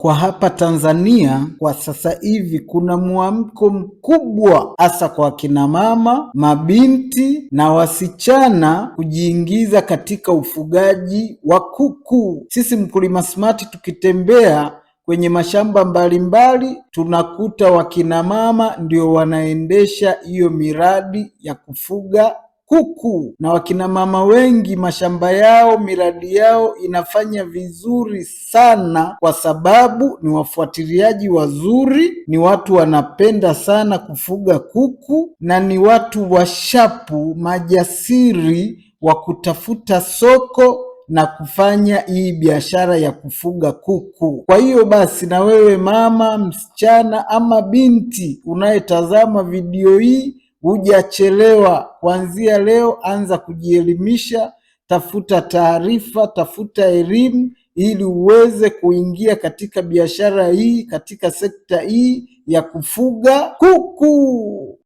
Kwa hapa Tanzania kwa sasa hivi kuna mwamko mkubwa, hasa kwa kina mama, mabinti na wasichana kujiingiza katika ufugaji wa kuku. Sisi Mkulima Smart tukitembea kwenye mashamba mbalimbali tunakuta wakina mama ndio wanaendesha hiyo miradi ya kufuga kuku na wakina mama wengi mashamba yao miradi yao inafanya vizuri sana, kwa sababu ni wafuatiliaji wazuri, ni watu wanapenda sana kufuga kuku na ni watu washapu majasiri wa kutafuta soko na kufanya hii biashara ya kufuga kuku. Kwa hiyo basi, na wewe mama, msichana ama binti unayetazama video hii Hujachelewa, kuanzia leo anza kujielimisha, tafuta taarifa, tafuta elimu ili uweze kuingia katika biashara hii, katika sekta hii ya kufuga kuku.